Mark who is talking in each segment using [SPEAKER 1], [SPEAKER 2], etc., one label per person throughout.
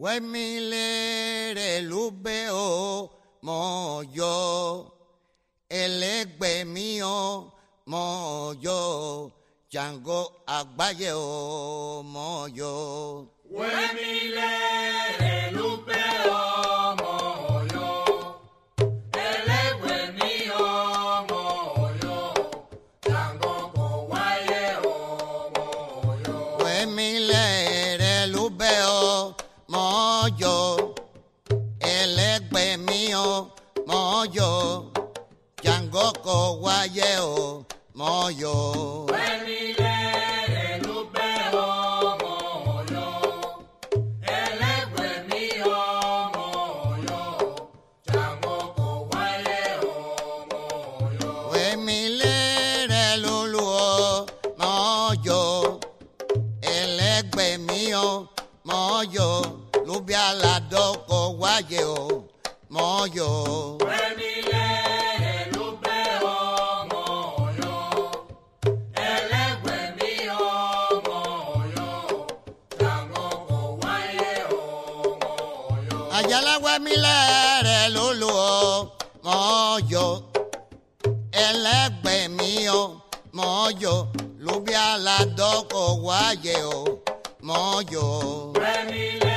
[SPEAKER 1] wẹ́mílẹ́rẹ̀ ló mo yo, mọ̀ yọ ẹlẹ́gbẹ̀mí ọ mọ̀ yọ Jango àgbáyé ọ mọ̀ yọ. wẹ́mílẹ́rẹ̀. yọ ẹlẹ́gbẹ́ mi o mọ̀ yọ guayeo, moyo. o adoko waye o moyo. Wemile ló bẹ́ ọmọ ọ̀yọ́, ẹlẹ́gbẹ̀ẹ́ mi ọmọ Wemile rẹ̀ ló lò ọ́ mọ́yọ́, ẹlẹ́gbẹ̀ẹ́ mi ọmọ ọ̀yọ́, ló bí aládọ́kọ̀ wáyé o mọ́yọ́. Wemile.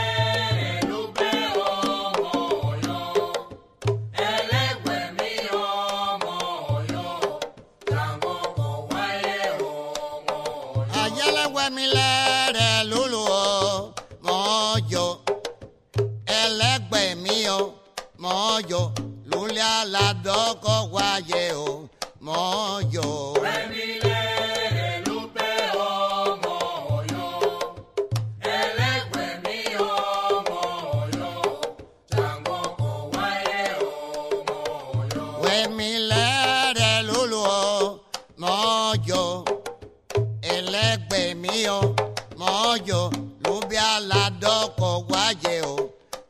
[SPEAKER 1] Ẹlẹ́mìlẹ́rẹ̀ lólùọ́ mọ́ yọ. Ẹlẹ́gbẹ̀mí ọ moyo, yọ. Lólẹ́ aládọ́kọ̀ wáyé ọ mọ́ yọ. ọkọ̀ wájẹ o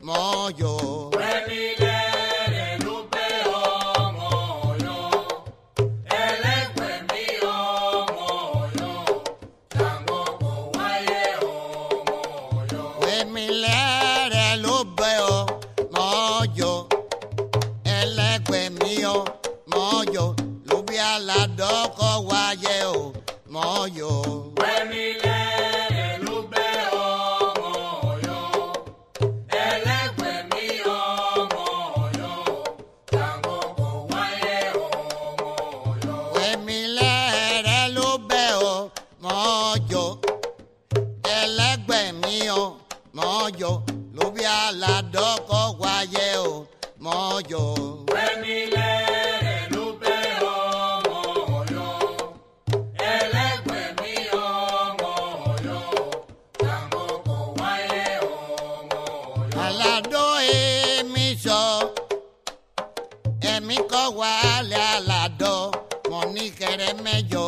[SPEAKER 1] mọ́ yọ. rẹ́mi lẹ́rẹ̀ ló bẹ́ ọmọ ọ̀yọ́ ẹlẹ́gbẹ̀mí ọmọ ọ̀yọ́ táwọn kò wáyé ọmọ ọ̀yọ́. rẹ́mi lẹ́rẹ̀ ló bẹ́ ọ mọ́ yọ ẹlẹ́gbẹ̀mí ọ mọ́ yọ ló Ọ̀yọ́. Ẹni ọmọ Ọ̀yọ́, ẹlẹ́gbẹ̀mí ọmọ Ọ̀yọ́, táwọn kò ọmọ Ọ̀yọ́. Àlàdó èmi èmi kọ́ wàhálà àlàdó, mọ̀ ní kẹrẹ mẹ́jọ.